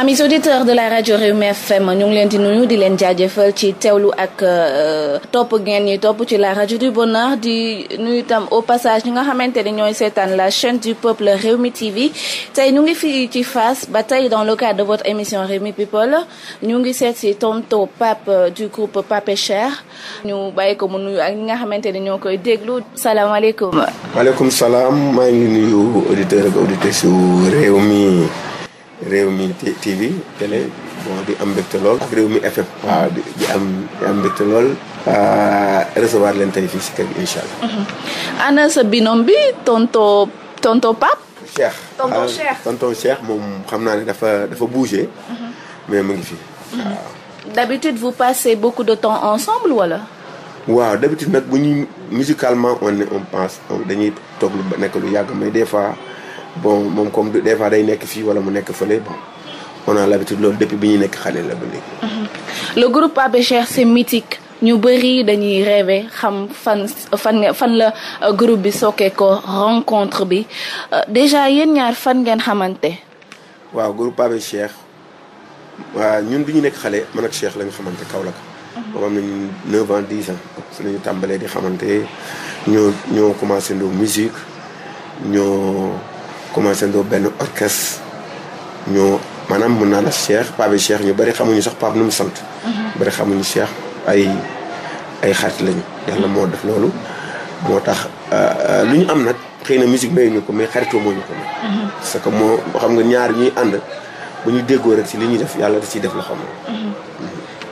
amis auditeurs de la rajo Rewmi FM ñu ngi leen di nuyu di leen jaajëfal ci teewlu ak euh, topp ngeen ñi topp ci la rajo du bonheur di nuyu tam au passage ñi nga xamante ni ñooy seetaan la chaîne du peuple Rewmi TV tey ñu ngi fii ci Fass ba tey dans le cadre de votre émission Rewmi People ñu ngi seet si tonto Pape euh, du groupe Pape Cheikh ñu bàyyi ko mu nuyu ak ñi nga xamante ni ñoo koy déglu salaamaaleykum. maaleykum salaam maa ngi nuyu auditeurs ak auditrices yu Rewmi réew mi TV télé bon di am mbégte lool ak réew mi effet waaw di am di am mbégte lool. Euh, recevoir leen tey fii si kër gi uh-huh. ana sa binom bi tonto tonto Pape. Cheikh tonton ah, Cheikh moom xam naa ne dafa dafa bougé. Uh-huh. mais mu ngi fi uh-huh. waaw. d'habitude vous passez beaucoup de temps ensemble wala. waaw d'habitude nag bu ñuy musicalement on on pense dañuy toog lu nekk lu yàgg mais des fois. bon moom comme des fois day nekk fii wala mu nekk fële bon on la l'habitude loolu depuis bi ñu nekk xale la ba léegi. Mhm. le groupe Abbé Cheikh ñu bëri dañuy rêver xam fan fan la euh, groupe bi sokkee ko rencontre bi euh, déjà yéen ñaar fan ngeen xamante. waaw groupe Abbé Cheikh waa ñun bi ñu nekk xale man ak Cheikh la ñu xamante Kaolack. Mhm. boobu am nañu 9 ans 10 ans. su la ñu tàmbalee di xamante ñoo ñoo commencé ndoo musique ñoo. commencé ndoo benn orchestre ñoo maanaam mun naa la Cheikh Pape Cheikh ñu bari xamuñu sax Pape nu mu sant. Mhm. bari xamuñu Cheikh ay ay xarit lañu. yàlla moo def loolu moo tax euh, euh, lu ñu am nag xëy na musique may ñu ko mais xaritoo moo ñu ko may. Mhm. parce que moo xam nga ñaar ñuy ànd bu ñu déggoo rek ci li ñuy def yàlla da ciy def la xam.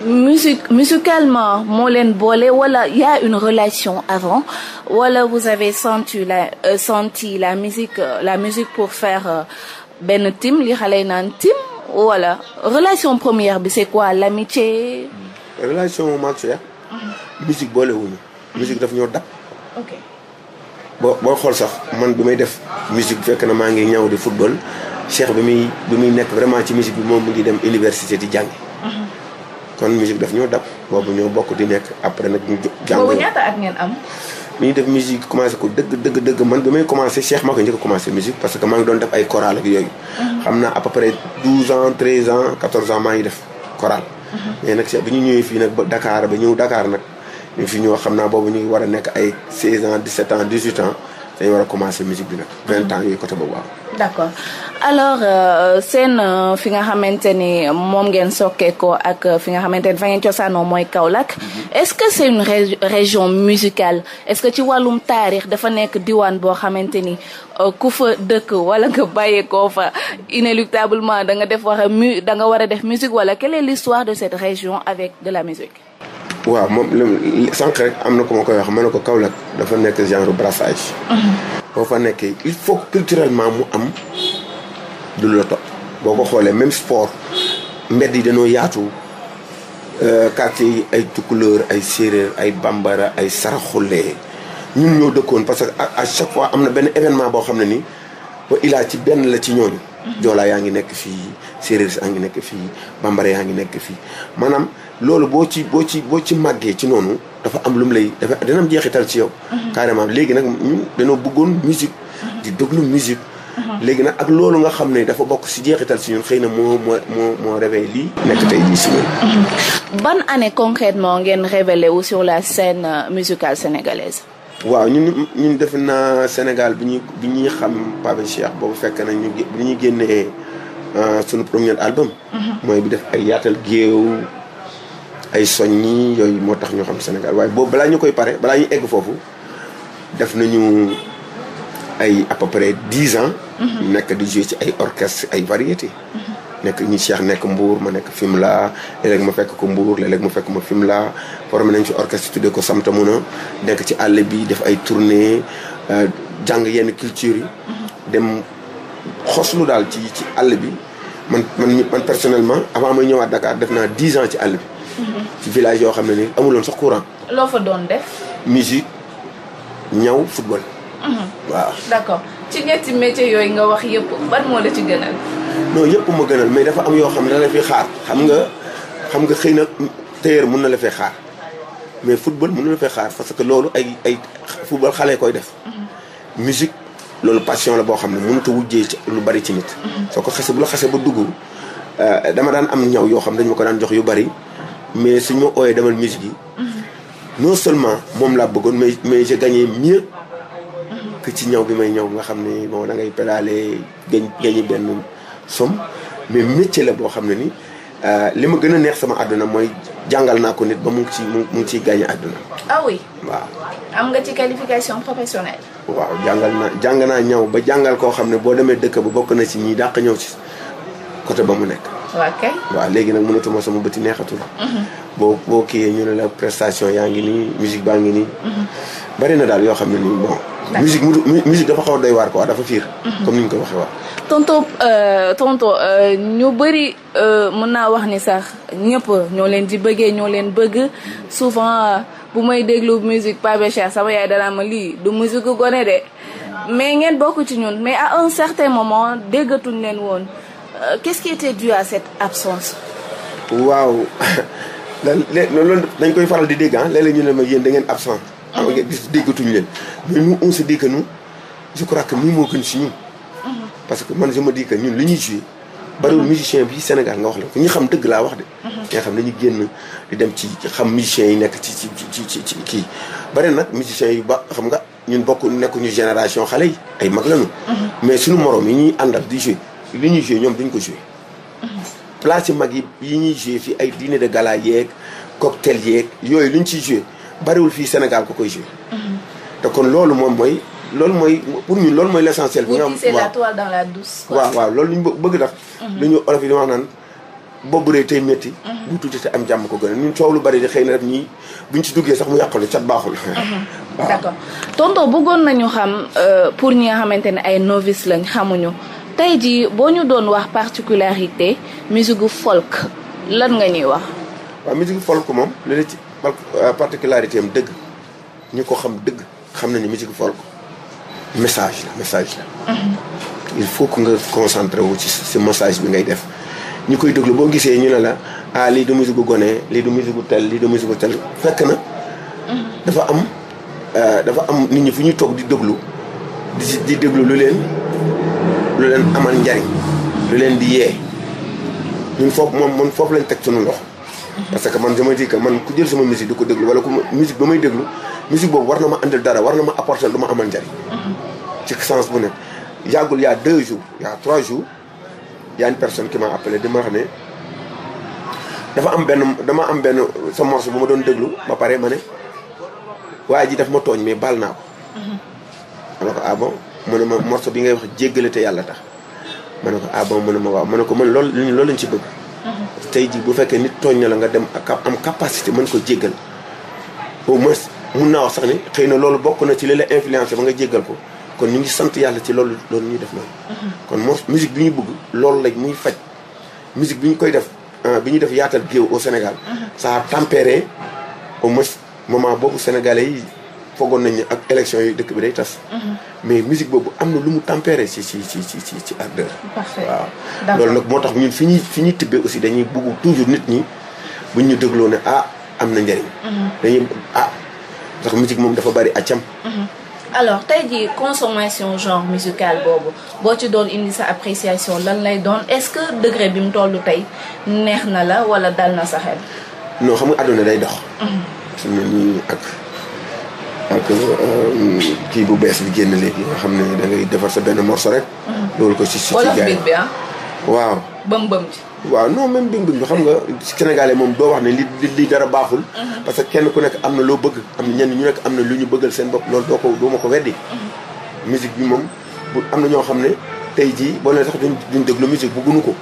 musique musicalement moo leen boole wala y une relation avant wala vous avez senti la euh, la musique euh, la musique pour faire euh, benn team li xale yi naan team wala relation première bi c'est quoi l'amitié hmm. relation maag Cheikh hmm. musique boole wuñu musique daf ñoo dab ok boo xool sax man bi may def musique fekk na maa ngi ñëw di football Cheikh bi muy bi muy nekk vraiment ci musique bi moom mu ngi dem université di jàngi kon musique daf ñoo dab boobu ñoo bokk di nekk après nag ñu jàng boobu ñaata at ngeen am bi ñuy def musique commencé ko dëgg dëgg dëgg man bi may commencé Cheikh ma ko njëkk a commencé musique parce que maa ngi doon def ay chorale mhm. xam naa à peu près 12 ans 13 ans 14 maa ngi def chorale mhm. mais nag Cheikh bi ñu ñëwee fii nag ba Dakar ba ñëw Dakar nag ñu fi ñoo xam naa boobu ñu war a nekk ay 16 ans 17 ans 18 ans dañu war a commencer musique bi nag. vingt ans yooyu côté boobu am. d'accord alors euh, seen euh, fi nga xamante ni moom ngeen sokkeekoo ak euh, fi nga xamante ni fa ngeen cosaanoo mooy Kaolack. Mm-hmm. est-ce que c'est une région musicale est-ce que ci wàllum taarix dafa nekk diwaan boo xamante ni ku fa dëkk wala nga bàyyeekoo fa inéluctablement da nga def war a mu nga war a def musique wala quelle est l'histoire de cette région avec de la musique. waaw moom sànq rek am na ko ma koy wax man ne ko Kaolack dafa nekk genre brassage. boo mhm. fa nekkee il faut culturellement mu am du la topp. boo ko xoolee même sport mbedd yi danoo yaatu euh, quartier yi ay couleur ay séeréer ay bambara ay saraxulee ñun ñoo dëkkoon parce que à chaque fois am na benn événement boo xam ne nii ba ilaa ci benn la ci ñooñu. Mhm. joolaa yaa ngi nekk fii séeréer si yaa ngi nekk fii bambara yaa ngi nekk fii loolu boo ci boo ci boo ci màggee ci noonu dafa am lu mu lay dafa dina am jeexital ci yow. Mhm. carrément léegi nag ñun dañoo bëggoon musique. Mhm. di déglu musique. Mhm. léegi nag ak loolu nga xam ne dafa bokk si jeexital si ñun xëy na moo moo moo moo réveillé lii. nekk tey jii si ñun. ban année concrètement ngeen révélé wu sur la scène euh, musicale sénégalaise. waaw ñun ñun defe naa Sénégal bi ñuy bi ñuy xam Pape Cheikh boobu fekk na ñu bi ñuy génnee euh, sunu premier album. mooy bi def ay yaatal géew. ay soññi yooyu moo tax ñu xam Sénégal waaye boobu balaa ñu koy pare balaa ñu egg foofu def nañu ay à peu près dix ans. Mhm. nekk di jouer ci ay orchestre ay variété mhm. nekk ñu Cheikh nekk Mbour ma nekk Fimela léeg-léeg ma fekk ko mbuur léeg-léeg ma fekk ma Fimela formé nañ ci orchestre tuddee ko Samta Muna nekk ci àll bi def ay tournée euh, jàng yenn culture yi. Mhm. dem xoslu daal ci ci àll bi man man man personnellement avant may ñëwaat Dakar def naa dix ans ci àll bi. village yoo xam ne nii amuloon sax courant. loo fa doon def. musique ñaw football. Mhm. waaw d'accord ci ñetti métiers yooyu nga wax yëpp ban moo la ci gënal. non yëpp ma gënal mais dafa am yoo xam ne da la fi xaar xam nga xam nga xëy na tailleur mun na la fee xaar mais football mun na la parce que loolu ay ay football koy def. Mhm. musique loolu la boo xam ne mënut a wujjee ci lu bari ci nit. Mhm. soo ko xasee bu xasee ba dugg euh, dama daan am ñaw yoo xam dañ ma ko daan jox yu bari. mais suñ ma ooyee demal musique yi non seulement moom laa bëggoon mais mais j'ai gagné mieux que ci ñaw bi may ñaw nga xam ni bon da ngay pédale gañ gañi benn somme mais métier la boo xam ne ni euh, li ma gën a neex sama àdduna mooy jàngal naa ko nit ba mu ngi ci mu ngi ciy gagné àdduna. ah am nga ci qualification professionnelle. waaw jàngal naa jàng naa ñaw ba jàngal koo xam ne boo demee dëkk ba bokk na ci ñi dàq ñëw ci côté ba mu nekk. waaw waaw léegi nag mënatuma sama bëti neexatul. Mhm. boo boo kiiyee ñu ne la prestation yaa ngi nii musique baa ngi nii. Mhm. bari na daal yoo xam ne nii bon. musique dafa xaw a doy waar quoi dafa fiir. Mhm. comme ni ñu ko waxee waaw. tonto euh, tonto euh, ñu bëri euh, mën naa wax ni sax ñëpp ñoo leen di bëggee ñoo leen bëgg souvent bu may déglu musique Pape Cheikh sama yaay danaa ma lii du musique gone de mais ngeen bokk ci ñun mais à un certain moment déggatuñ leen woon. Euh, qu'est-ce qui était dû à cette absence. waaw loolu dañ koy faral di dégg ah léeg-léeg ñu ne ma yéen da ngeen absent. xam mhm. nga déggatuñu leen mais nous on se dit que nous je crois que mii moo gën si mhm. parce que man je me dis que ñun li ñuy joué. bariwul mhm. musicien bi Sénégal nga wax la ko ñi xam dëgg laa wax de. nga xam ñu génn di dem ci xam musicien yi nekk ci ci ci ci kii. bari nag musicien yu ba xam nga ñun bokk nekkuñu génération xale yi ay mag lañu. mais suñu moroom yi ñuy àndal di li ñuy joué ñoom duñ ko joué. Mhm. place yu mag yi yi ñuy joué fii ay dîner de gala yeeg cocktail yeeg yooyu luñ ñu ciy bariwul fii Sénégal ko koy joué. Mhm. te kon loolu moom mooy. loolu mooy pour ñu loolu mooy l' bi nga xam waaw la toile dans la douce. lu ñu bëgg daf mhm. lu ñu olof yi di wax naan boobu rek tey métti. bu tuuti te am jàmm ko gën a ñun coow lu bari di xëy na def ñii buñ ci duggee sax mu yàqule cat baaxul. waaw d' accord nañu xam euh, pour ñi nga xamante ne ay novice lañ xamuñu. tey jii boo ñu doon wax particularité musique folk lan nga ñuy wax. waaw musique folk moom li la ci euh, particularité am dëgg ñu ko xam dëgg xam nañu musique folk message la message la. Mhm. il faut que nga concentré wu ci si message bi ngay def ñu koy déglu boo gisee ñu ne la ah lii du musique gu gone lii du musique gu tel lii du musique gu tel fekk na. Mhm. dafa am euh, dafa am nit ñi fu ñuy toog di déglu di di déglu lu leen. lu leen amal njariñ lu leen di yee ñun foofu moom man foofu lañ teg sunu loxo parce que man je me dis man ku jël sama musique di ko déglu wala ku musique ba may déglu musique boobu war na ma andil dara war na ma apporter lu ma amal njariñ ci sens bu ne yàggul y'a deux jours y'a trois jours y'a une personne qui m'a appelé di ma wax ne dafa am benn dama am benn sa morceau bu ma doon déglu ba pare ma ne waa ji daf ma tooñ mais baal naa ko. ma mhm. mu ne ma morceau bi ngay wax jéggale te yàlla tax ma ne ko ah bon mu ne ma waaw mën ne ko man loolu loolu lañ ci bëgg. Mhm. tey jii bu fekkee nit tooñ ne la nga dem ak am capacité mën ko jéggal au moins mun naa wax sax ni xëy na loolu bokk na ci li la influencé ba nga jéggal ko kon ñu ngi sant yàlla ci loolu loolu ñuy def noonu. Mhm. kon moo musique bi ñu bëgg loolu lañ muy faj musique bi ñu koy def euh, bi ñu def yaatal géew au Sénégal. Mhm. ça a tempéré au moins moment boobu sénégalais yi. foogoon nañ ne ak élection yi dëkk bi day tas. Mhm. mais musique boobu am na lu mu tempéré ci ci ci ci ci ci ardeur. waaw loolu nag moo tax ñun fi ñuy fi ñuy tibbee aussi dañuy bëgg toujours nit ñi bu ñu dégloo ne ah am na njëriñ. Mhm. dañuy ah ndax musique moom dafa bari accam. Mhm. alors tey jii consommation genre musical boobu boo ci doon indi sa appréciation lan lay doon est-ce que degré bi mu toll tey neex na la wala dal na sa xel. non xam nga àdduna day dox. ak euh, kii bu bees bi génn léegi nga xam ne da ngay defar sa benn morso rek. Mm-hmm. loolu ko si si jaay bi ah. waaw waaw non même bim bim xam nga sénégalais moom doo wax ne li li dara baaxul. Mm-hmm. parce que kenn ku nekk am na loo bëgg. am na ñenn ñu nekk am na lu ñu bëggal seen bopp loolu doo ko doo ma ko weddi. Mm-hmm. musique bi moom bu am na ñoo xam ne tey jii boo leen sax duñ duñ déglu musique bëgguñu ko.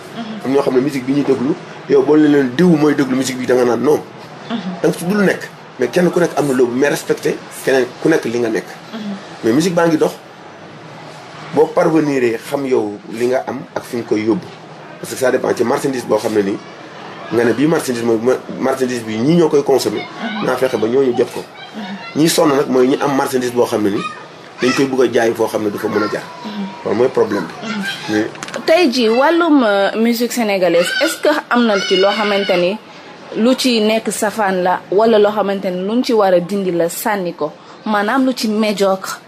am ñoo xam ne musique bi ñuy déglu yow boo leen leen diw mooy déglu musique bi da nga naan non. da nga dul nekk. mais kenn ku nekk am na loolu mais respecté keneen ku nekk li nga nekk. Mhm. mais musique baa ngi dox boo parvenir xam yow li nga am ak fi nga koy yóbbu. parce que ça dépend ci marchandise boo xam ne nii nga ne bii marchandise mooy marchandise bi ñii ñoo koy consommer. Mhm. naa fexe ba ñooñu jot ko. Mhm. ñii sonn nag mooy ñi am marchandise boo xam ne nii dañ koy bëgg a jaay foo xam ne du fa mën a jaar. loolu mooy problème bi. tey jii wàllum euh, musique sénégalaise est-ce que am na ci loo xamante ni. lu ci nekk safaan la wala loo xamante ne luñ ci war dindi la sànni ko maanaam lu ci médiocre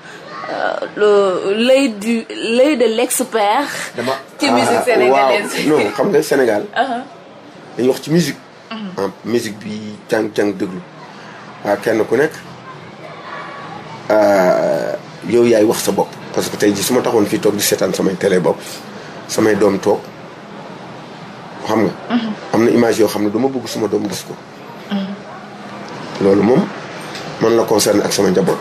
euh, l'œil du l'œil de l'expert ci musique ah, sénégalaise non xam nga Sénégal uh-huh. dañuy wax ci musique uh-huh. ah, en bi càng-càng déglu waaw ah, kenn ku nekk yow yaay wax sa bopp parce que tey ji su ma taxoon fi toog di seetaan samay télé bopp samay doom toog xam nga. Mhm. am na image yoo xam ne du ma bëgg suma doom gis ko. Mhm. loolu moom man la concerné ak sama njaboot.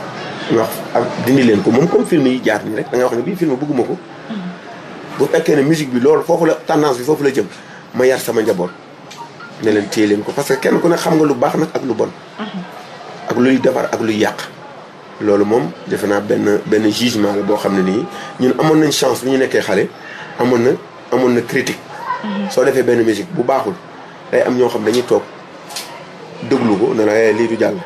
wax ak dindi leen ko moom comme film yi jaar rek da nga ne bii film bëgguma ko. Mhm. bu fekkee ne musique bi loolu foofu la tendance bi foofu la jëm ma yar sama njaboot. ne leen téye leen ko parce que kenn ku ne xam nga lu baax nag ak lu bon. ak luy defar ak lu yàq. loolu moom defe naa benn benn jugement la boo xam ne nii ñun amoon nañ chance bi ñu nekkee xale amoon na amoon na critique soo defee benn musique bu baaxul day am ñoo xam dañuy toog déglu ko ne la eh, lii du jàll.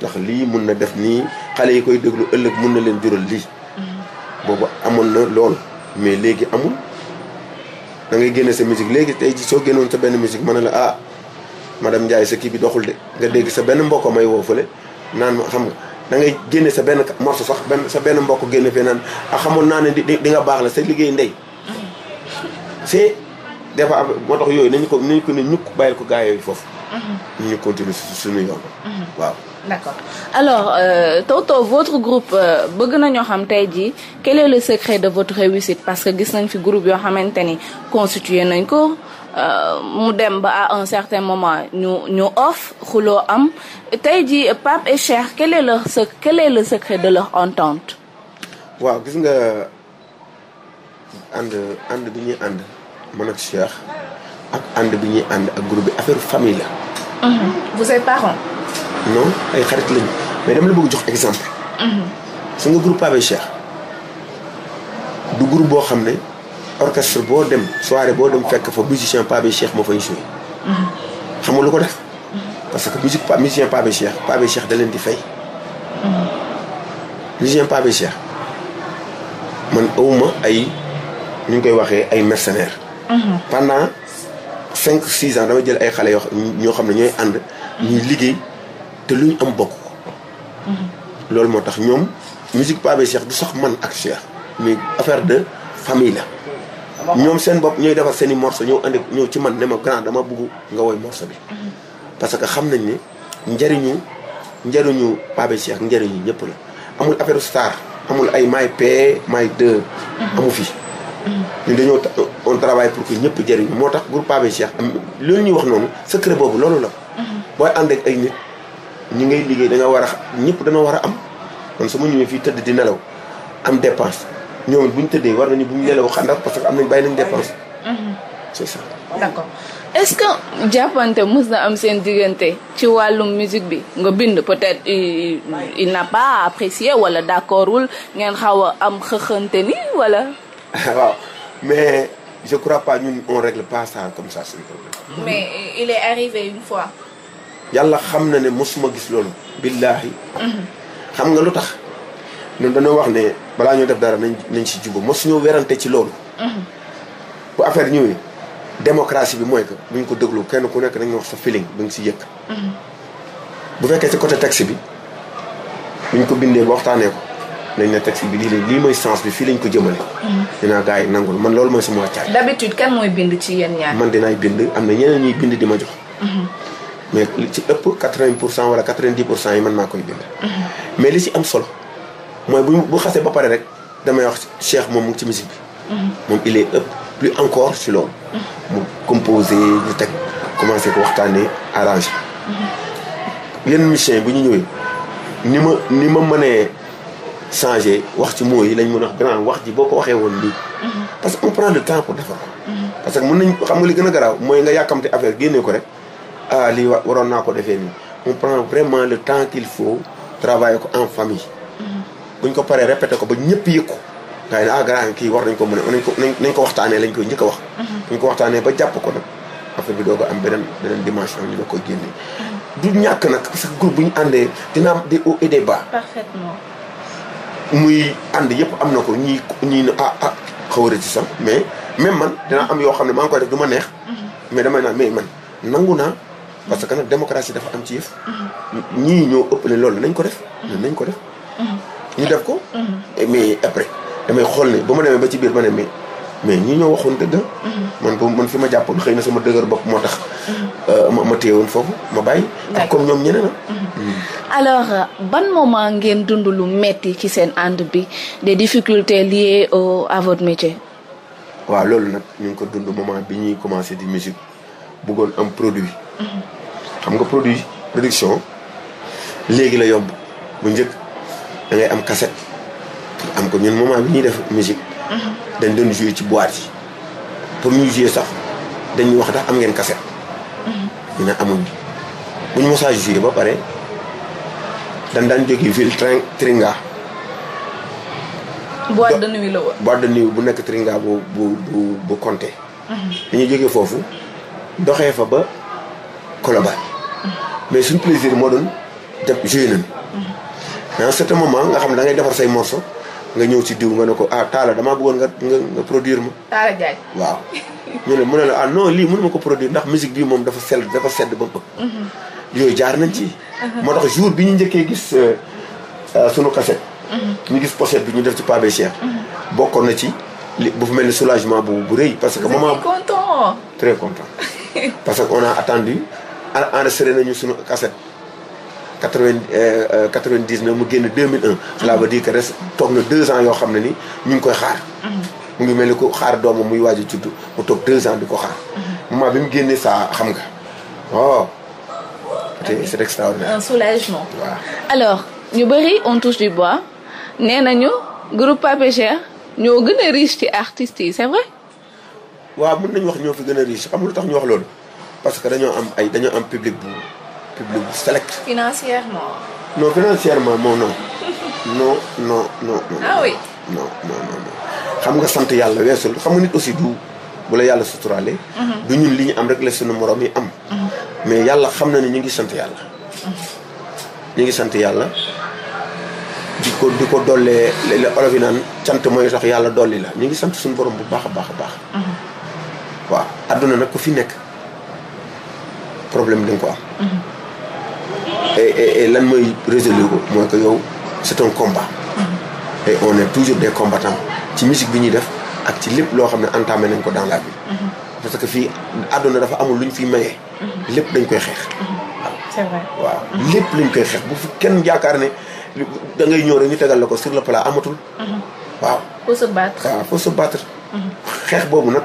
ndax lii mun na def nii xale yi koy déglu ëllëg mun na leen jural lii. boobu amoon na loolu mais léegi amul da ngay génne sa musique léegi tey ji soo génnoon sa benn musique ma ne la ah madame Ndiaye sa kii bi doxul de nga dégg sa benn mbokk may woo fële naan ma xam nga da ngay génne sa benn morceau sax benn sa benn mbokk génne fee naan ah xamoon naa ne di di nga baax la sa liggéey ndey des fois moo tax yooyu nañu ko nañu ko ne ñukk bàyyil ko gaa yooyu foofu. Mhm. ñu continuer su suñu yoon. Mhm. waaw. d'accord alors euh, Toto votre groupe euh, bëgg nañoo xam tey jii quel est le secret de votre réussite parce que gis nañ fi groupe yoo xamante ni constitué nañ ko euh, mu dem ba à un certain moment ñu ñu off xuloo am tey jii Pape et Cheikh quel est leur sec quel est le secret de leur entente. waaw gis nga ànd ànd bi ñuy ànd. man ak Cheikh ak ànd bi ñuy ànd ak group bi affaire famille la. Mm-hmm. vous non ay xarit lañu mais dama la bëgg jox exemple. Mm-hmm. su nga group Pape Cheikh du groupe boo xam ne orchestre boo dem soirée boo dem fekk fa musicien Pape Cheikh moo fay joué. Mm-hmm. xam nga lu ko def. parce que musique pa musicien Pape Cheikh Pape leen di fay. musicien Pape Cheikh man awuma ay ñu ngi koy waxee ay mercenaires. Mhm. pendant cinq six ans dama jël ay xale yoo ñoo xam ne ñooy ànd. ñuy mhm. liggéey te lu ñu am bokk mhm. loolu moo tax ñoom musique Pape Cheikh du sax man ak Cheikh mais affaire de famille la. ñoom seen bopp ñooy defar seen i morceau ñëw andi ñëw ci man ne ma grand dama bëgg nga woy morceau bi. parce que xam nañ ni njëriñu njëriñu Pape Cheikh njëriñu ñëpp la amul affaire star amul ay may p may deux amu fi. ñun dañoo on travaille pour que ñëpp jëriñu moo tax groupe Pape Cheikh loolu ñuy wax noonu secret boobu loolu la mhm. booy ànd ak ay nit ñi ngay liggéey da war a ñëpp dañoo war a am man su ma ñëwee fii tëdd di nelaw am dépense ñoom bu ñu tëddee war nañu bu ñu nelaw xandax parce que am nañ bàyyi nañ dépense mhm. c'est ce que jàppante mës na am seen diggante ci wàllum musique bi nga bind peut-être il, il n'a pas apprécié d'accordul ngeen xaw a am xëxante ni wala waaw mais je crois pas ñun on règle pas ça comme ça suñu problème. mais il est arrivé une fois. yàlla xam na ne mosuma gis loolu. billaahi. Mhm. xam nga lu tax. ñun danoo wax ne balaa ñoo def dara nañ nañ si jubóo mosuñoo werante ci loolu. Mhm. bu affaire ñëwee démocratie bi mooy que buñ ko déglu kenn ku nekk dañuy wax sa feeling ba nga si yëkk. Mhm. bu fekkee ci côté texte bi buñ ko bindee ba waxtaanee ko. nañ la taxi bi lii lañ lii mooy sens bi fii lañ ko jëmale. dinaa gars yi nangul man loolu mooy sama wàccaay. d'habitude kan mooy bind ci yéen ñaar. man dinaay bind am na ñeneen ñuy bind di ma jox. Mhm. mais li ci ëpp quatre-vingt pour cent wala quatre-vingt-dix pour cent yi man maa koy bind. Mhm. mais li ci am solo mooy bu bu xasee ba pare rek damay wax Cheikh moom mu ngi ci musique bi. Mhm. moom il est ëpp plus encore si loolu. mu composé ñu teg commencé ko waxtaanee arrangé. yenn musiciens yi bu ñu ñëwee ni ma ni ma mënee. changé wax ci mooy lañ mën a wax wax ji boo ko waxee woon lii. parce que on prend le temps pour defar ko. parce que mën nañ xam nga li gën a garaaw mooy nga yàkkamte affaire génne ko rek ah lii waroon naa ko defee nii on prend vraiment le temps qu'il faut travailler ko en famille. buñ ko paree répété ko ba ñëpp yëg ko. nga ne ah grand kii war nañ ko mën a nañ ko nañ ko waxtaanee lañ koy njëkk a wax. buñ ko waxtaanee ba jàpp ko nag affaire bi doo ko am beneen beneen dimension ñu la koy génne. du bu ñu àndee dina muy ànd yëpp am na ko ñii ñii ne ah ah xaw a sax mais même man dina am yoo xam ne maa ngi koy def du ma neex. Mhm. mais damay naa mais man nangu naa. Mhm. parce que nag démocratie dafa am ci yëf. Mhm. ñii ñoo ëppale loolu nañ ko def. nañ ko def. ñu def ko. mais après damay xool ne ba ma demee ba ci biir ma ne mais mais ñi ñoo waxoon dëgg. man ba man fi ma jàppoon xëy na sama dëgër bopp moo tax. Euh, ma ma téye woon foofu ma bàyyi. ak comme ñoom ñeneen a. Mm. alors ban moment ngeen dund lu metti ci seen ànd bi des difficultés liées au à votre métier. waaw loolu nag ñu ngi ko dund moment bi ñuy commencé di musique bëggoon am produit. xam nga produit production léegi la yomb bu njëkk da am cassette am ko ñun moment bi ñuy def musique. dañ doon jouer ci boîte yi pour ñuy jouer sax dañuy wax ndax am ngeen cassette. Mhm. ñu ne amuñu buñ mosaa jouer ba pare. dañ daan jógee ville trin Tringa. boîte de nuit la woon. boîte de nuit bu nekk Tringa bu bu bu bu Comté. Mhm. dañuy jóge foofu doxee fa ba Colobane. Mhm. mais suñu plaisir moo doon jàpp joué nañu. Mhm. mais en certain moment nga xam ne da ngay defar say morceau nga ñëw si diw nga ne ko ah Talla damaa bëggoon nga nga nga produire ma. Talla Diagne waaw. ñu ne mu ne la ah non lii mënuma ko produire ndax musique bii moom dafa sell dafa sedd ba mu ëpp. yooyu jaar nañ ci. Uh-huh. moo tax jour bi ñu njëkkee gis euh, euh, sunu kaset. Uh-huh. ñu gis pochette bi ñu def ci Pape Cheikh. Uh-huh. bokkoon na ci li bu mel ni soulagement bu bu rëy. parce que moment content. très content parce que on a attendu enregistré nañu sunu kaset. 80 99 mu génn 2001. cela veut dire que res toog na deux ans yoo xam ne ni ñu ngi koy xaar. mu ngi mel ni ku xaar doomam muy waaj a judd mu toog deux ans di ko xaar. moment bi mu génnee saa xam nga waaw. Oh, c'est extraordinaire. un soulagement. waaw alors ñu bëri on touche du bois nee ñu groupe Pape Cheikh ñoo gën a riche ci artistes yi c'est vrai. waaw mën nañu wax ñoo fi gën a riche xam nga lu tax ñu wax loolu parce que dañoo am ay dañoo am public bu public bu select. financièrement. non financièrement moom non. Ah non non non. xam nga sant yàlla weesul xam nga nit aussi du bu la yàlla suturaale. Mhm. du ñun li ñu am rek la sunu morom yi am. Mhm. mais yàlla xam na ne ñu ngi sant yàlla. ngi sant yàlla di ko di ko dollee li olof yi naan cant mooy tax yàlla dolli la ñu ngi sant suñu borom bu baax a baax a baax. waaw àdduna nag ku fi nekk problème di ko am. et lan mooy résoudre ko mooy que yow c'est un combat. et on toujours des combattants ci musique bi ñuy def ak ci lépp loo xam ne entamé nañ ko dans la bi parce que fii àdduna dafa amul luñ fiy maye. Mhm. lépp dañ koy xeex. Mhm. waaw mhm. lépp lañ koy xeex bu fi kenn yaakaar ne da ngay ñëw rek ñu tegal la ko sur le plat amatul. waaw faut se xeex boobu nag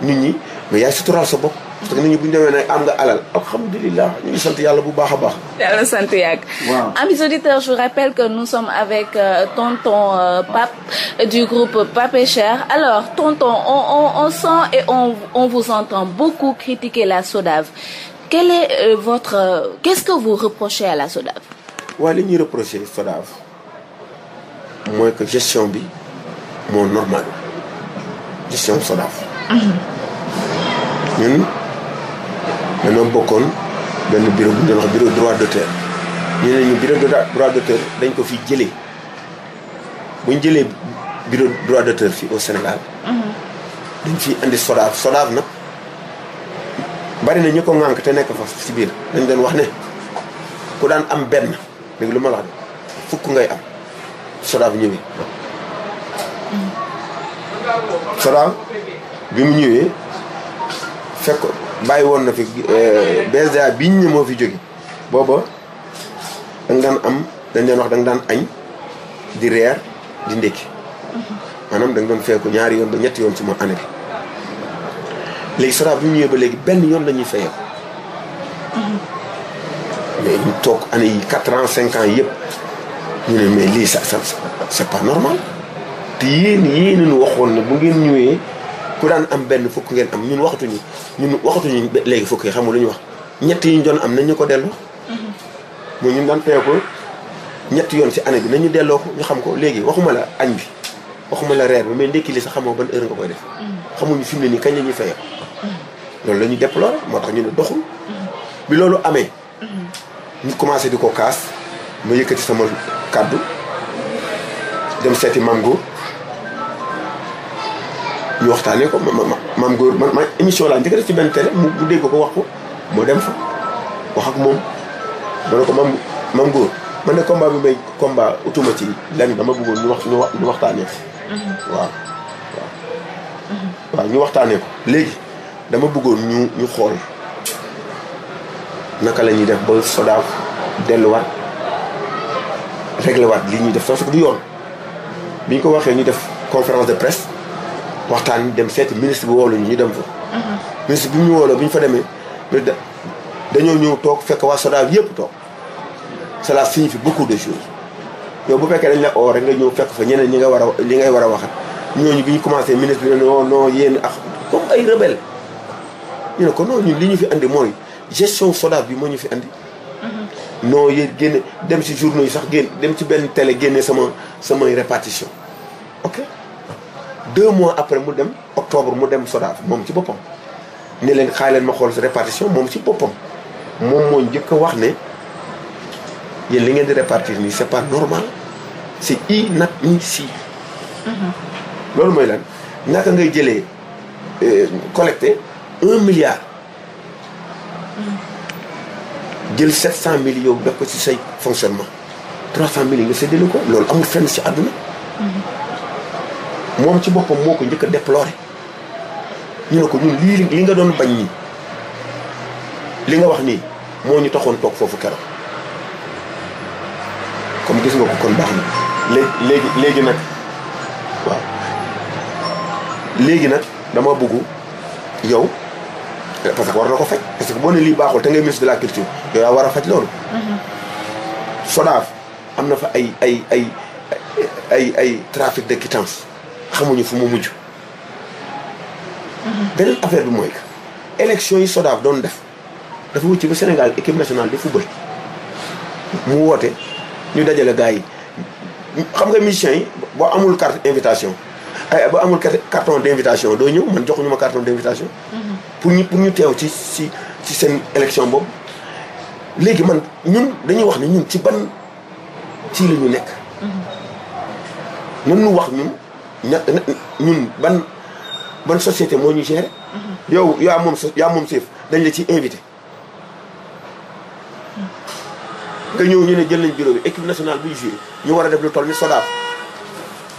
nit ñi mais yaay suturaal sa bopp. parce que nit ñi bu ñu demee am nga alal alhamdulilah ñu ngi sant yàlla bu baax a baax. yàlla sant yàgg. waaw amis auditeurs je vous rappelle que nous sommes avec euh, tonton euh, Pape euh, du groupe Pape Cher alors tonton on on on sent et on on vous entend beaucoup critiquer la SODAV quel est euh, euh, ce que vous reprochez à la SODAV. waaw li ñuy reprocher SODAV mooy que gestion bi moo normal gestion SODAV. Mhm. dañoo bokkoon benn bureau bu ñu doon wax bureau droit d'auteur ñu ne ñu bureau droit dañ ko fi jëlee bu ñu jëlee bureau droit d'auteur fii au Sénégal. Mm-hmm. dañ fi indi SODAV SODAV na bari na ñu ko ŋànk te nekk fa si biir dañ doon wax ne ku daan am benn léegi lu ma la wax fukk ngay am SODAV ñëwee. Mm-hmm. SODAV bi mu ñëwee fekk. bàyyi woon na fi euh, BSDA biñ ñu moo fi jóge booba danga daan am dañ leen wax danga daan añ di reer di ndékki maanaam danga doon feeku ñaari yoon ba ñetti yoon ci mo année bi léegi SODAV bi mu ñëwee ba léegi benn yoon lañuy ñuy fayee ko ñu toog année yi quatre ans cinq ans yëpp ñu ne mais lii ça ça c'est pas normal te yéen yéen ñu waxoon ne bu ngeen ñëwee. ku daan am benn fukk ngeen am ñun waxatuñu ñun waxatuñu léegi fukk yi xam nga lu ñu wax ñett yi ñu doon am nañu ko delloo. mooy mm-hmm. ñun daan fayoo ko yoon si année bi nañu delloo ko ñu xam ko léegi waxuma la añ bi waxuma la reer bi mais ndekki li sax xamoo ban heure nga koy def. Mm-hmm. xamuñu fi mu ne nii kañ la ñuy fayoo. Mm-hmm. loolu la moo tax ñu ne doxul. bi loolu amee. ñu commencé di ko kaas ma yëkkati sama kàddu dem seeti Mame ñu waxtaanee ko ma ma maam góor man man émission laa njëkk def ci benn télé mu mu dégg ko wax ko moo dem fa wax ak moom ma ne ko maam maam góor man ne combat bi may combat utuma ci lenn dama bëggoon ñu wax ñu waxtaanee ko. Mhm. waaw waaw. waaw ñu waxtaanee ko. léegi dama bëggoon ñu ñu xool naka la ñuy def ba Sodav delluwaat réglé waat lii ñuy def parce que du yoon bi ñu ko waxee ñu def conférence de presse. waxtaan ñu dem fekk ministre bi woolu ñu ñu dem fa ministre bi ñu wooloo bi ñu fa demee dañoo ñëw toog fekk waa SODAV yëpp toog cela signifie beaucoup de choses yow bu fekkee dañ la oo rek nga ñëw fekk fa ñeneen ñi nga war a li ngay war a waxat ñooñu bi ñu commencé ministre bi non oh non yéen ak comme ay rebelle ne ko noonu li ñu fi indi mooy gestion SODAV bi moo ñu fi andi non yéen génne dem si journaux yi sax génn dem ci benn télé génne sama samay répartition deux mois après mu dem octobre mu dem SODAV moom ci boppam ni leen xaay leen ma xool si répartition moom ci boppam moom moo njëkk a wax ne yéen li ngeen di répartir nii c'est pas normal c'est inadmissible. Mm-hmm. loolu mooy lan naka ngay jëlee euh, collecté un milliard. Mm-hmm. jël sept cent mille yow def ko ci say fonctionnement trois cent mille yi nga séddale ko loolu amul fenn ci àdduna. Mm-hmm. moom ci boppam moo ko njëkk a déploré ñu ne ko ñun lii li nga doon bañ nii li nga wax nii moo ñu taxoon toog foofu keroog comme gis nga ko kon baax na léegi léegi nag waaw léegi nag dama bëgg yow eh, parce que war na ko faj parce que boo ne lii baaxul te ngay ministre de la culture yow yaa war a faj loolu mm-hmm. SODAV am na fa ay ay ay ay ay trafic de quittance xamuñu fu mu mujj. beneen affaire bi mooy que yi SODAV doon def dafa wucc ba Sénégal équipe nationale de football mu woote ñu dajale gars yi xam nga musiciens yi boo amul carte invitation ay boo amul carton d' invitation doo ñëw man joxuñu ma carton d' invitation. pour ñu ñu teew ci ci ci seen élection boobu. léegi man ñun dañuy wax ni ñun ci ban ci la ñu nekk. Mhm. ñun wax ñun. ña ñun ban ban societé moo ñu géré. Mhm. yow yaa moom so yaa moom siif dañ la ci invité. Mhm. nga ñëw ñu ne jël nañ bureau bi équipe nationale buy joué ñu war a def lu toll ni sodaaf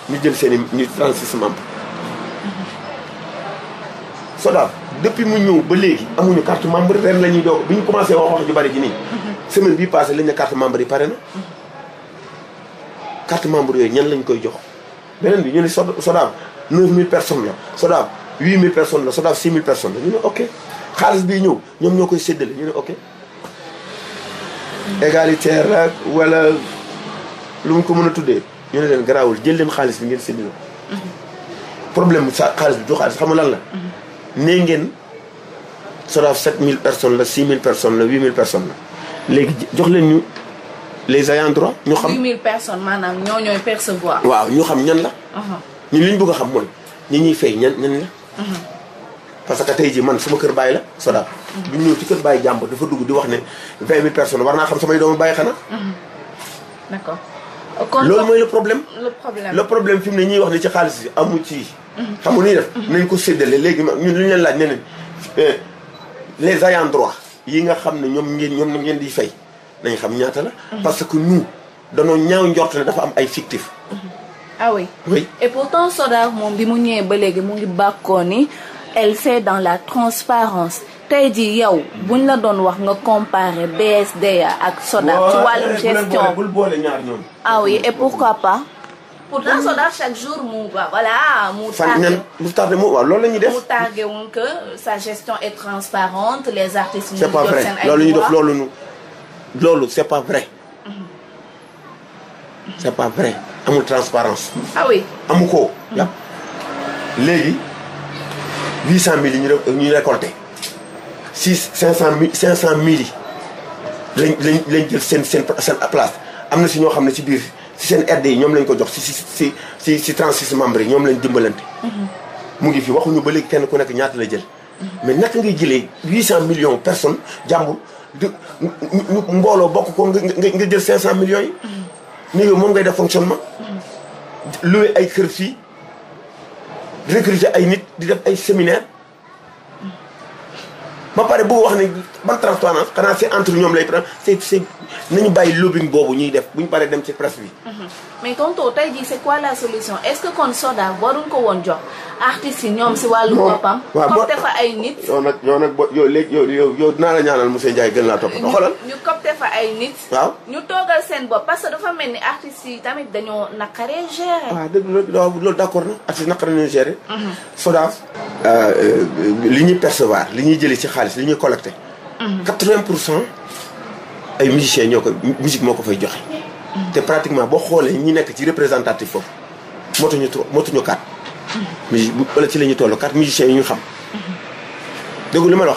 ñu jël seen i ñu 36 membres. Mhm. sodaaf depuis mu ñëw ba léegi amuñu carte membre ren la ñuy doog bi ñu commencé wax wax ju bari ji nii. semaine bii passé lañ ne carte membre yi pare na. carte membre yooyu ñan lañ koy jox. beneen bi ñu ne SODAV 9000 personnes la SODAV 8000 personnes la SODAV 6000 personnes la ñu ne ok xaalis bi ñëw ñoom ñoo koy séddale ñu ne ok. égalitaire la wala lu mu ko mën a tuddee ñu ne leen garaawul jël leen xaalis bi ngeen séddale ko. Mhm. problème mu sa xaalis bi du xaalis xam nga la. Mhm. nee ngeen SODAV 7000 personnes la 6000 mill la 8000 personnes la léegi jox leen ñu. les ayants droit ñu xam 8000 personnes maanaam ñoo waaw ñu xam ñan la. Uh-huh. ñun li ñu a xam mooy ñi ñuy fay ñan ñan la. Uh-huh. parce que tey jii man suma kër bàyyi la Sodav. Uh-huh. bu ñu ñëw ci kër bàyyi jàmbur dafa dugg di wax ne 20000 personnes war naa xam samay doomu bàyyi xanaa. d'accord kon loolu mooy le problème. la problème le fi mu ne ñuy wax ne ci xaalis bi amu ci. xam nga ni def. nañ ko séddale léegi ñun ñu leen laaj ne leen eh, les ayants droit yi nga xam ne ñoom ngeen ñoom ngeen di fay. nañ xam ñaata la. parce que nous danoo ñaaw njort ne dafa am ay fictif. ah oui oui. moom bi mu ñëwee ba léegi mu ngi bàkkoo ni elle fait dans la transparence tey jii yow buñ la doon wax nga comparer BSDA ak Sodav. ci wàllum gestion boole ñaar ñoom. ah oui et pourquoi pas. pourtant Sodav chaque jour mu voilà mu. tardé mu tardé mu waaw loolu la ñuy def. mu tardé wuñ que sa gestion est transparente les artistes. ñu jox seen ay droits c'est pas vrai loolu ñu def loolu ñu. loolu c'est pas vrai mm-hmm. c'est pas vrai amul transparence ah oui amu ko mm-hmm. yàpp léegi huit cent mille ñu ñuy récolté six cinq cent mille cinq cent mille yi lañ lañ lañ jël seen seen seen place am na si ñoo xam ne si biir si seen aide ñoom lañ ko jox si si si si si trente yi ñoom lañ dimbalante mm-hmm. mu ngi fi waxuñu ba léegi kenn ku nekk ñaata la jël mais naka ngay jëlee huit cent millions personnes jàmbur mbooloo bokk ko nga nga jël 500 millions yi. ni moom ngay def fonctionnement. loué ay kër fii recruter ay nit di def ay séminaire ba pare bu wax ne ban transparence xanaa c'est entre ñoom lay prendre c'est c'est nañu bàyyi lobbying boobu ñuy def bu ñu paree dem ci presse bi. Mm-hmm. mais tonton tey jii c'est quoi la solution est-ce que kon Sodav waruñ ko woon jox artistes yi ñoom si wàllu boppam. waaw fa ay nit. yow nag yow nag yow léegi yow yow dinaa la ñaanal monsieur gën laa xoolal. ñu copte fa ay nit. waaw ñu toogal seen bopp parce que dafa mel ni artistes yi tamit dañoo naqaree gérer. waaw ah, loolu d'accord na artistes naqaree ñuy gérer. Mhm. Sodav. Euh, li ñuy percevoir li ñuy jëlee ci xaalis li ñuy collecté. 80 mhm. pour cent ay musiciens ñoo ko musique moo ko fay joxe. te pratiquement boo xoolee ñi nekk ci représentatif foofu motuñu trop motuñu quatre. musique bu ci la ñu toll quatre musiciens yi ñu xam. dégg li ma la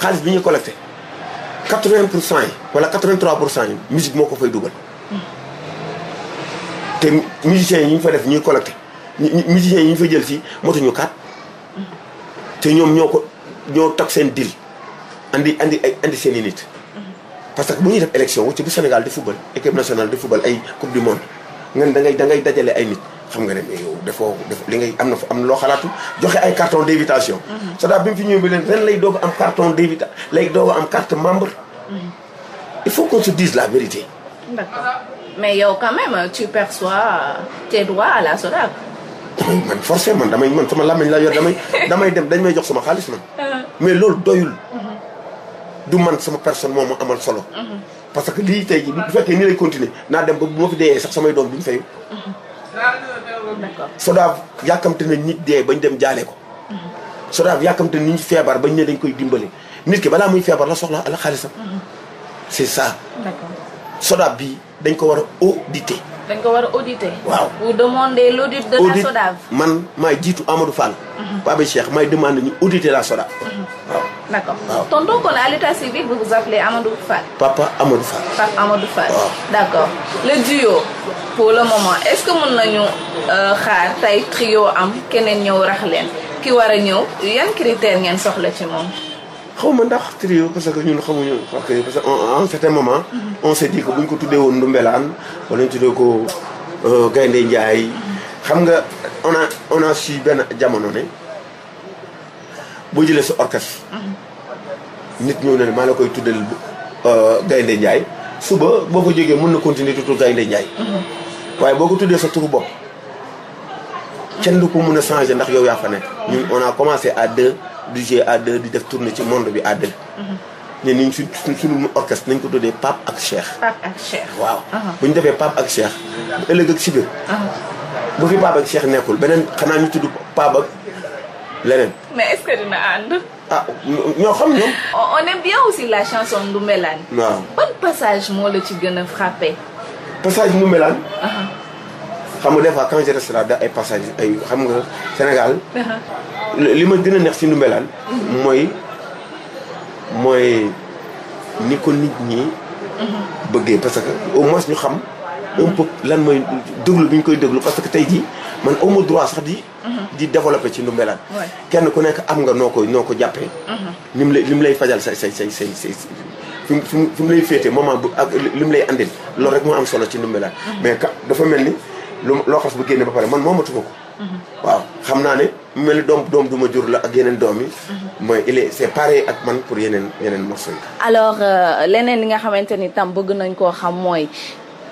xaalis bi ñuy collecté quatre vingt pour cent yi wala quatre vingt cent yi musique moo ko fay dugal. te musiciens yi ñu fa def ñuy collecté musiciens yi ñu fa jël si motuñu quatre. te ñoom ñoo ko ñoo toog seen dil andi andi ay andi seen i parce que bu ñuy def élection ci bu Sénégal di football équipe nationale di football ay coupe du monde ngeen da ngay da dajale ay nit xam nga ne mais yow defoo def li ngay am na fa am na loo xalaatu joxe ay carton d'invitation. cest mm-hmm. à bi mu fi ñëwee bi leen ren lay doog am carton d'invitation lay doog am carte membre. Mm-hmm. il faut qu'on se dise la vérité. d'accord mais yow quand même tu perçois tes droits à la SODAV. man forcé man damay man sama làmmiñ laa yor damay damay dem dañ may jox sama xaalis man. Euh. mais loolu doyul. du man sama personne moom ma amal solo. parce que lii tey jii bu fekkee nii lay continuer naa dem ba bu ma fi deeyee sax samay doom duñ fayu. d'accord Sodav yàkkamte na nit bañ dem jaale ko. Sodav yàkkamte na nit feebar bañ ne dañ koy dimbali nit ki balaa muy feebar la soxla la xaalisam. c'est ça. d'accord Sodav bi dañ ko war a auditer. dañ ko war a auditer. waaw vous demandez la Sodav. man maay jiitu Amadou Fall. Mhm. Pape Cheikh maay demande ñu auditer la Sodav. Mhm. d'accord tonton kon à l'état civil vous vous appelez Amadou Fall. papa Amadou Fall. papa Amadou Fall. waaw d'accord le duo pour le moment est-ce que mën nañu euh, xaar tey trio am keneen ñëw rax leen ki war a ñëw yan critères ngeen soxla ci moom. xaw ma ndax trio parce que ñun xamuñu parce que parce que en un certain moment. Mhm. on s'est dit que buñ ko tuddee woon Ndoumbelane wala ñu tuddee ko euh, Gaynde Ndiaye. xam nga on a on a su benn jamono ne boo jëlee sa orchestre. Mhm. nit ñëw ne maa la koy tuddal euh, gaynde njaay suba boo ko jógee mën na continuer tudd gaynde njaay mm-hmm. waaye boo ko tuddee sa turu bopp kenn du ko mën a changer ndax yow yaa fa nekk ñu on a commencé à deux du à deux di def tournée ci monde bi à deux ne niñ su suñu orchestre nañ ko tuddee Pape ak Cheikh Pape ak Cheikh waaw uh-huh. bu ñu defee Pape ak Cheikh ëllëg ak si biir uh-huh. bu fi Pape ak Cheikh nekkul beneen xanaa ñu tudd Pape ak leneen ah ñoo xam ñoom. on aime bien aussi la chanson Ndoumbelane. waaw ban passage moo la ci gën a frappé. passage Ndoumbelane. Ah ah. xam nga des fois quand da ay passage ay xam nga Sénégal. Ah li ma gën a neex si Ndoumbelane. Mm-hmm. mooy mooy ni ko nit ñi. Mm-hmm. bëggee parce que au moins ñu xam. un peu lan mooy déglu bi ñu koy déglu parce que tey jii. man amul droit sax di. Mhm. di développer ci ndumbelaan kenn ku nekk am nga noo koy noo ko jàppee. ni mhm. mu lay li mu lay fajal say say say say say fi mu fi mu lay féete moment bu ak li mu lay andil loolu rek moo am solo ci ndumbelaan mhm. mais ka dafa mel ni lu loo xas bu génne ba pare man moomatu ko. waaw xam naa ne mu mel ni doom doom du ma jur la ak yeneen doom yi. il est c'est ak man pour yeneen yeneen yi. alors euh, leneen li nga xamante ni tam bëgg nañ koo xam mooy.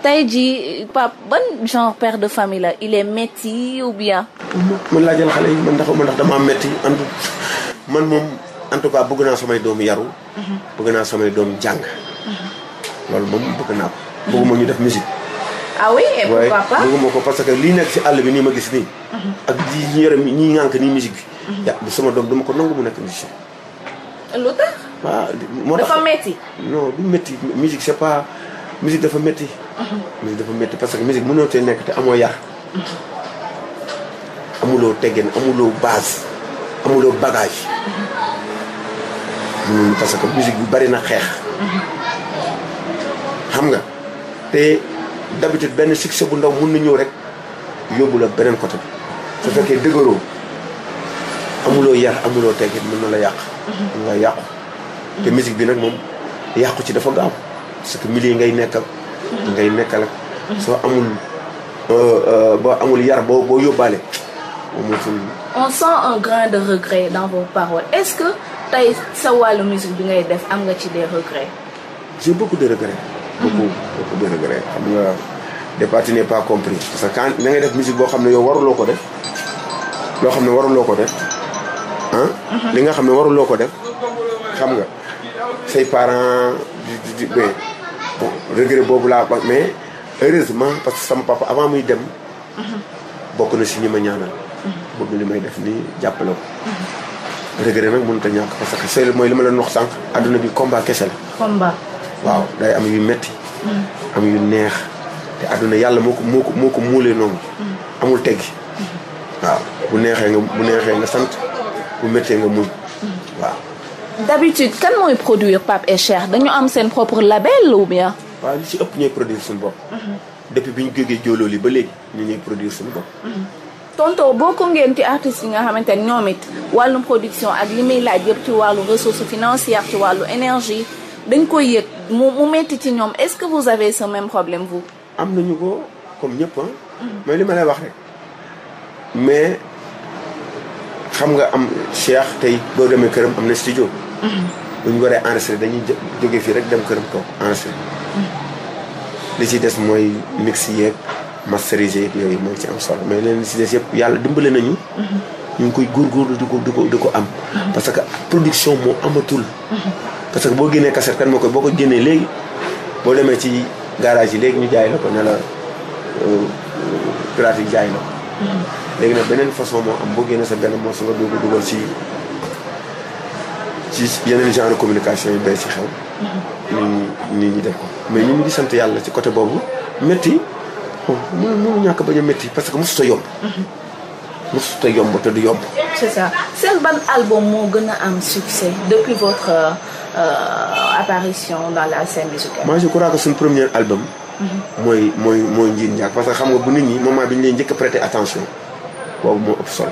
tey jii Pape ban genre père de famille la il est métti ou bien. man laa jël xale yi man ndax man ndax dama am métti en man moom en tout cas bëgg naa samay doom yaru. bëgg naa samay doom jàng. loolu moom bëgg naa ko. bëgguma ñu def musique. ah oui ko parce que lii nekk ci àll bi nii ma gis nii. ak ji ñi yore ñi ñànk nii musique bi. Mhm. sama doom dama ko nangu mu nekk musicien. lu tax. waaw dafa métti. non du métti musique c'est pas musique dafa métti. musique dafa metti parce que musique mënoo tee nekk te amoo yar amuloo teggin amuloo base amuloo bagage parce que musique bi bari na xeex xam nga te d'habitude benn succès bu ndaw mun na ñëw rek yóbbu la beneen côté bi su fekkee dëgëroo amuloo yar amuloo teggin mën na la yàq mën nga yàqu te musique bi nag moom yàqu ci dafa gaaw parce que milieu ngay nekk ngay nekkal ak. soo amul euh, euh, boo amul yar boo boo yóbbaale. on sent un grain de regret dans vos paroles est-ce que tey sa wàllu musique bi ngay def am nga ci des regrets. j'ai beaucoup de regrets. beaucoup beaucoup de regrets xam nga départ tu pas compris. parce que quand da ngay def musique boo xam ne yow waruloo ko def loo xam ne waruloo ko def mhm. nga xam ne waruloo ko def xam nga say parents di di di regret boobu laa ba mais heureusement parce que sama papa avant muy dem. bokk na si ñi ma ñaanal. bëgg li may def nii jàppale ko. nag mënut a ñàkk parce que mooy li ma leen wax sànq. adduna bi combat kese la. combat. waaw day am yu metti mm-hmm. am yu neex. te adduna yàlla moo ko moo ko muulee noonu. Mm-hmm. amul teggi. Mm-hmm. waaw bu neexee nga bu neexee nga sant bu méttee nga muñ. waaw. d'habitude kan mooy produire pap et Cheikh dañu am seen propre label ou bien. waaw li ci ëpp ñooy produire suñu bopp. depuis bi ñu jógee jooloo li ba léegi ñu ñuy produire suñu bopp. tonto boo ko ngeen ci artistes yi nga xamante ne ñoom it wàllum production ak li muy laaj ci wàllu ressource financière ci énergie dañ koy yëg mu métti ci ñoom est-ce que vous avez ce même problème vous. am nañu ko comme ñëpp ah. li ma lay wax rek. mais xam nga am Cheikh tey boo demee këram am na studio. lu ñu waree enregistré dañuy jóge fii rek dem këram toog enregistré. li ci des mooy mix yeeg masterisé yeeg yooyu moo ci am mais leen li des yëpp yàlla dimbale nañu. ñu ngi koy góorgóorlu di ko di ko du ko am. parce que production moo amatul. parce que boo génnee cassette kan moo koy boo ko génnee léegi boo demee ci garage yi léegi ñu jaay la ko ne la pratique euh, euh, jaay la ko. Mm-hmm. léegi nag beneen façon moo am boo génnee sa benn morceau nga dugg dugal ci. ci yeneen genre communication yu bees ci xew. Mm-hmm. nit ñi nit ñi def ko mais ñu sant yàlla ci côté boobu métti oh, ñàkk bañ a parce que mosut a yomb. Mm-hmm. mosut a yomb te du yomb. c'est ça seen moo gën a am succès depuis votre euh, euh apparition dans je crois que suñu premier album. Mm-hmm. mooy mooy mooy njiit njaak parce que xam nga bu nit ñi moment bi ñu leen njëkk a prêter attention boobu moo ëpp solo.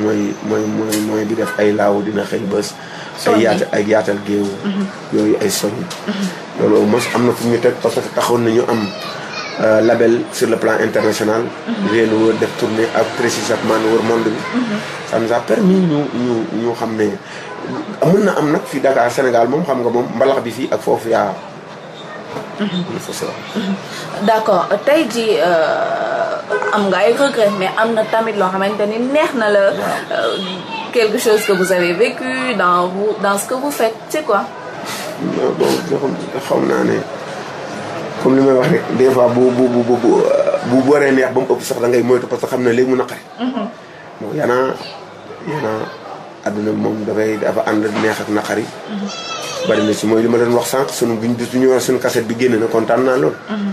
mooy mooy mooy mooy bi def ay laaw dina xëy bés. ay yaatal ay yaatal géew mm-hmm. yooyu ay soññ mm-hmm. loolu au am na fu ñu teg parce que taxoon ñu am euh, label sur le plan international mm-hmm. réelu wër def tournée ak précisément wër monde bi ça nous a permis ñu ñu ñu xam ne mën na am nag fii Dakar Sénégal moom xam nga moom mbalax bi fii ak foofu yaa Mm-hmm. il faut cela. Mm-hmm. d' tey jii euh, am nga ay regret mais am na tamit loo xamante ni neex na la. Euh, quelque chose que vous avez vécu dans vous dans ce que vous faites c'est quoi. non bon xam naa ne comme li may wax rek des fois bu bu bu bu bu booree neex ba mu ëpp sax da ngay moytu parce que xam ne léegi mu naqari. bon mm-hmm. yanaa yanaa adduna moom a dafa ànd neex ak naqari. bari na si mooy li ma leen wax sànq sunu buñ bis bu ñu wax sunu cassette bi génn na kontaan naa lool. Mhm.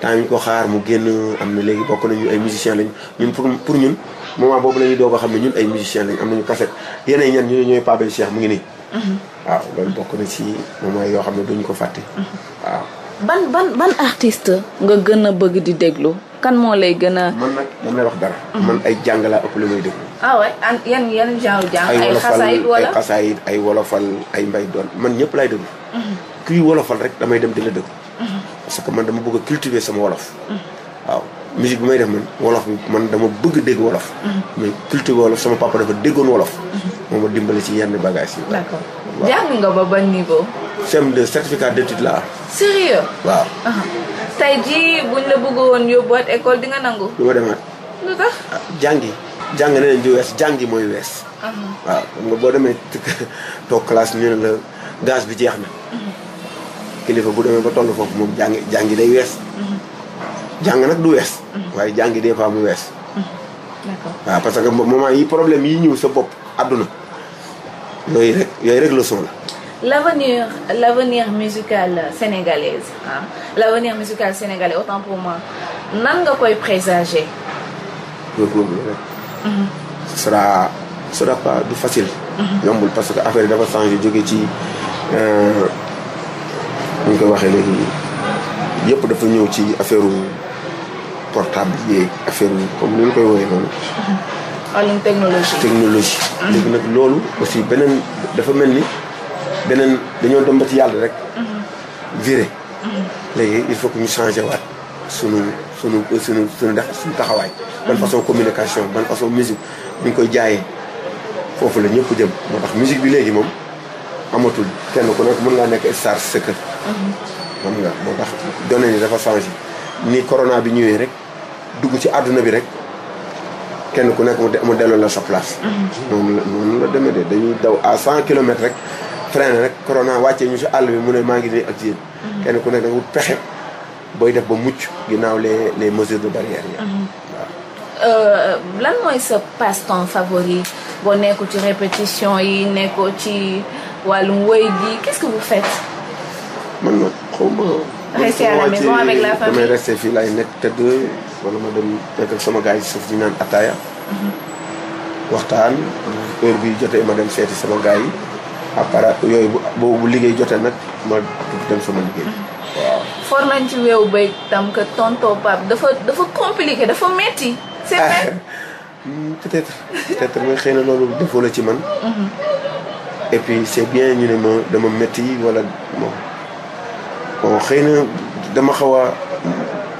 temps ñu ko xaar mu génn am na léegi bokk nañu ay musiciens lañ ñun pour pour ñun moment boobu la ñuy doog a xam ne ñun ay musiciens lañ am nañu cassette yeneen ñan ñu ne ñooy Pabel Cheikh mu ngi nii. Mhm. waaw loolu bokk na si moment yoo xam ne duñu ko fàtte. Mhm. waaw. ban ban ban nga gën a bëgg di déglu kan moo lay gën a. man nag moom lay wax dara. man ay jàng laa ëpp lu may déglu. ah waay yan yan genre ay xasaayit wala ay xasaayit ay wolofal ay mbay doon man ñëpp laay déglu. Mhm. kuy wolofal rek damay dem di la déglu. Mhm. parce que man dama bëgg a cultiver sama wolof. Mhm. waaw musique bi may def man wolof man dama bëgg dégg wolof. mais cultiver sama papa dafa déggoon wolof. moo ma dimbali si yenn bagages yi. d'accord jàng nga ba ban niveau. CM2 certificat d'étude la sérieux waaw. tey jii buñ la bëggoon yóbbuwaat école di nangu. du ma demaat. lu ah, jàngi. jàng neneen di wees jàngi mooy wees. Uh-huh. waaw xam nga boo demee toog classe ñu ne la gaz bi jeex na. Uh-huh. kilifa bu demee ba toll foofu moom jàngi jàngi day wees. Uh-huh. jàng nag du wees. waaye jàngi des fois mu wees. parce que moment yi problème yi ñëw sa bopp àdduna yooyu rek yooyu rek leçon la. l'avenir l'avenir musical sénégalaise ah l'avenir musical sénégalais pour moi nan koy présager. sera sera pas du facile. Mhm. yombul parce que affaire yi dafa changé jóge ci euh, nu ñu koy waxee léegi yëpp dafa ñëw ci affaire portable yeeg affaire comme ni ñu koy woowee noonu. Mhm. wàllum technologie. technologie. Mhm. léegi nag loolu aussi beneen dafa mel ni beneen dañoo dem ci yàlla rek. vire léegi il faut que ñu changé waat sunu. sunu sunu sunu def taxawaay ban façon communication ban façon musique ñu ngi koy jaayee foofu la ñëpp jëm moo tax musique bi léegi moom amatul kenn ku nekk mën ngaa nekk star sa kër xam nga moo tax yi dafa changé ni corona bi ñëwee rek dugg ci àdduna bi rek kenn ku nekk mu delloo la sa place noonu la la demee de dañuy daw à cent kilomètres rek freiné rek corona wàccee ñu si àll bi mu ne maa ngi nii ak yéen kenn ku nekk da pexe booy def ba mucc ginnaaw les les mesures de barrière yi mhm. waaw euh, lan mooy sa passe-temps favori boo nekkul ci répétition yi nekkoo ci wàllum woy gi qu'est-ce que vous faites man nag xaw ma fii laay nekk tëdd wala ma dem nekk ak sama gars yi suuf di naan ataaya mhm. waxtaan heure bi jotee ma dem seeti sama gars yi à part yooyu bu liggéey jotee nag ma dem sama liggéey mhm. for ci weewu bay tam que tonto Pape dafa dafa compliqué dafa metti c'est vrai ah, peut-être peut xëy na loolu defoo la ci man et puis c'est bien ñu ne ma dama metti wala moom bon xëy na dama xaw a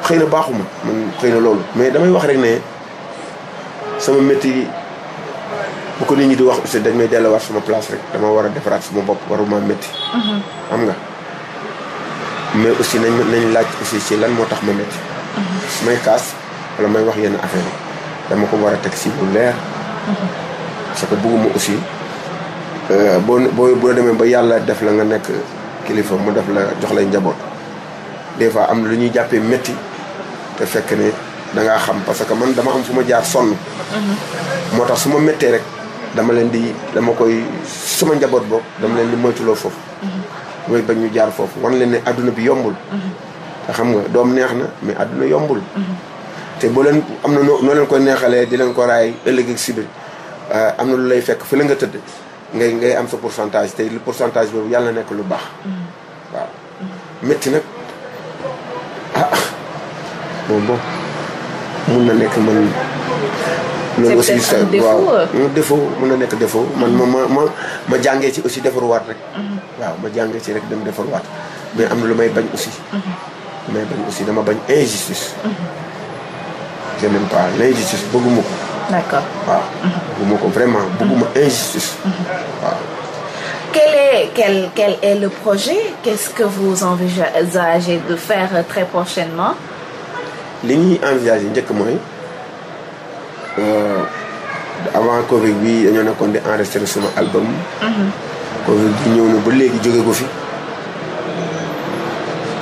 xëy na baaxuma man xëy na loolu mais damay wax rek ne sama metti bu ko nit ñi di wax aussi dañ may delluwaat sama place rek dama war a defaraat sama bopp waruma metti mm-hmm. xam nga mais aussi nañ nañ laaj aussi si lan moo tax ma métti mhm. may kaas wala may wax yenn affaire yi dama ko war a teg si bu mhm. parce que bëgguma aussi euh, boo boo boo demee ba yàlla def la nga nekk kilifa mu def la jox lay njaboot des fois am lu ñuy jàppee métti te ne da ngaa xam parce que man dama am fu ma jaar sonn mhm. moo tax su ma méttee rek dama leen di dama koy suma njaboot boobu dama leen di moytuloo foofu mooy bañ ñu jaar foofu wan leen ne adduna bi yombul te xam nga doom neex na mais adduna yombul te boo leen am na noo noo leen koy neexalee di leen ko raay ëllëg ak sibir euh, am na lu lay fekk fi la nga tëdd ngay ngay am sa pourcentage te li pourcentage boobu yàlla na nekk lu baax waaw nag ah moom mun na nekk man loolu aussi c' est waaw euh. défaut mën na nekk défaut man ma ma ma ma jàngee ci aussi defaruwaat rek. Mhm. waaw ma jàngee ci rek dem wat mais am na lu may bañ aussi. Mhm. lu may bañ aussi dama bañ injustice. Mhm. je n'aime pas l' injustice bëgguma ko. d' waaw. bëgguma ko vraiment bëgguma injustice. waaw. quel est quel quel est le projet qu' est ce que vous envisagez de faire très prochainement. li ñuy envisager njëkk mooy. Euh, avant Covid bi dañoo nekkoon di enregistré suma album. Mhm. Covid bi ñëw na ba léegi jógee ko fi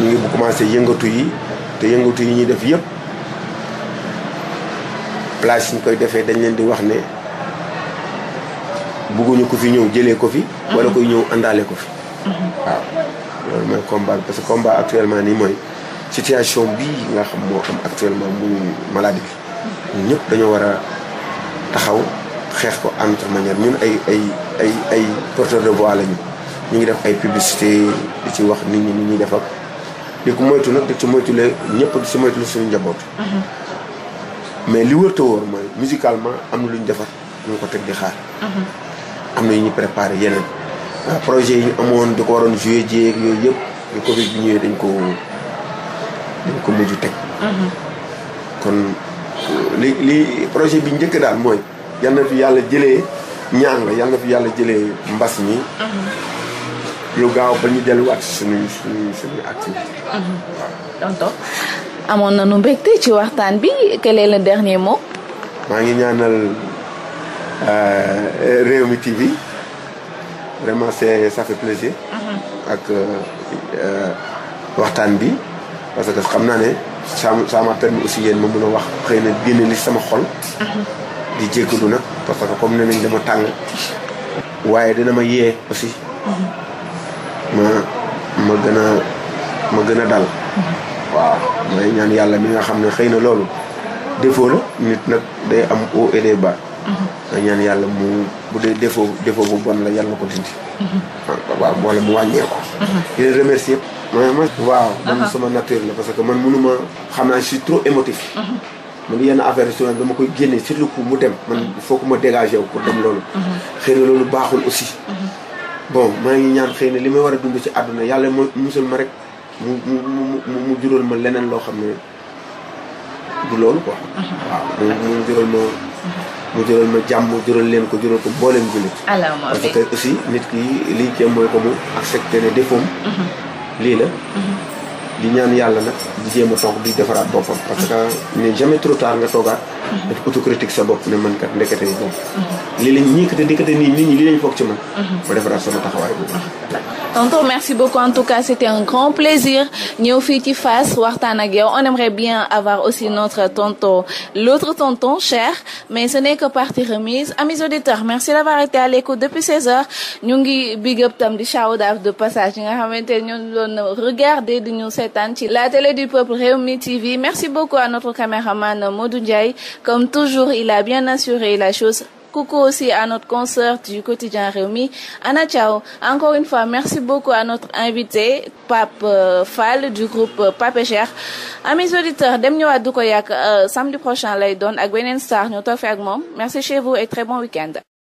ñu ngi bu commencé yëngatu yi te yëngatu yi ñuy def yëpp place yi ñu koy defee dañ leen di wax ne bëgguñu ko fi ñëw jëlee ko fi. wala mhm. koy ñëw àndaale ko fi. Mhm. waaw loolu mooy combat parce que combat actuellement nii mooy situation bii nga xam moo am actuellement mu maladie bi. ñun ñëpp dañoo war a taxaw xeex ko en notre manière ñun ay ay ay ay porteur de voix lañu ñu ngi def ay publicité di ci wax nit ñi nit ñuy def ak di ko moytu nag di ci moytulee ñëpp di ci moytule suñu njaboot. Mm-hmm. mais li wër te mooy musicalement am na lu ñu defar ñu ko teg di xaar. Mm-hmm. am na yu ñu préparé yeneen. Ah, projet yi ñu amoon di ko waroon joué jéeg yooyu yëpp yu Covid bi ñëwee dañ ko dañ teg. Mm-hmm. kon. li li projet bi njëkk daal mooy yal na fi yàlla jëlee ñaan la yal na fi yàlla jëlee mbas mi. Mhm. lu gaaw ba ñu delluwaat suñu suñu suñu activité. tonton mhm. amoon nañu mbégte ci waxtaan bi quel est le dernier mot. maa ngi ñaanal euh, Rewmi TV vraiment c'est ça fait plaisir. Mhm. ak euh, euh, waxtaan bi parce que xam naa ne. sama sama permis aussi yéen ma mun a wax xëy na génne li sama xol. di jéggalu nag parce que comme ne nañ dama tàng. waaye dina ma yee aussi. ma ma gën a ma gën a dal. waaw may ñaan yàlla mi nga xam ne xëy na loolu défaut la nit nag day am haut et des bas. nga ñaan yàlla mu bu dee defoo défaut bu bon la yàlla ko dindi. Mhm. Ah, waaw wala mu wàññee ko. Mhm. remercier mooy waaw man uh-huh. sama nature la parce que man mënuma xam naa si suis trop émotif uh-huh. man yenn affaire yi dama koy génne sur le coup mu dem man il faut ma dégagé wu pour dem loolu uh-huh. xëy na baaxul aussi bon maa ngi ñaan xëy na li may war a dund ci àdduna yàlla mo musul ma rek mu mu mu jural ma leneen loo xam ne du loolu quoi waaw mu jural ma mu jural leen ko jural ko booleen jullit aussi nit ki lii jéem mooy ko mu accepté ne défaut lii la mm-hmm. di ñaan yàlla nag di jéem a toog di defaraat boppam parce que mm-hmm. il n'est jamais trop tard nga toogaat mm-hmm. def autocritique sa bopp ne man kat ndekete boobu lii lañ ñii kat ndekete nii nit ñi lii lañ foog ci man ma defaraat sama taxawaay bu Tonton merci beaucoup en tout cas c'était un grand plaisir ñëw fii ci Fass waxtaan ak yow on aimerait bien avoir aussi notre tonton l'autre tonton cher mais ce n'est que partie remise amis auditeurs merci d'avoir été à l'écoute depuis 16 heures ñu ngi big up tam di chaoudaf de passage yi nga xamante ñoo doon regarder di ñu seetaan ci la télé du peuple Rewmi TV merci beaucoup à notre caméraman Modou Ndiaye comme toujours il a bien assuré la chose Coucou aussi à notre consoeur du quotidien Réwmi, Anna Thiao. Encore une fois, merci beaucoup à notre invité Pape euh, Fall du groupe euh, Pape Cheikh. Amis auditeurs, dem ñëwaat du ko yàq euh, samedi prochain lay doon ak beneen star ñu toog ak moom. Merci chez vous et très bon week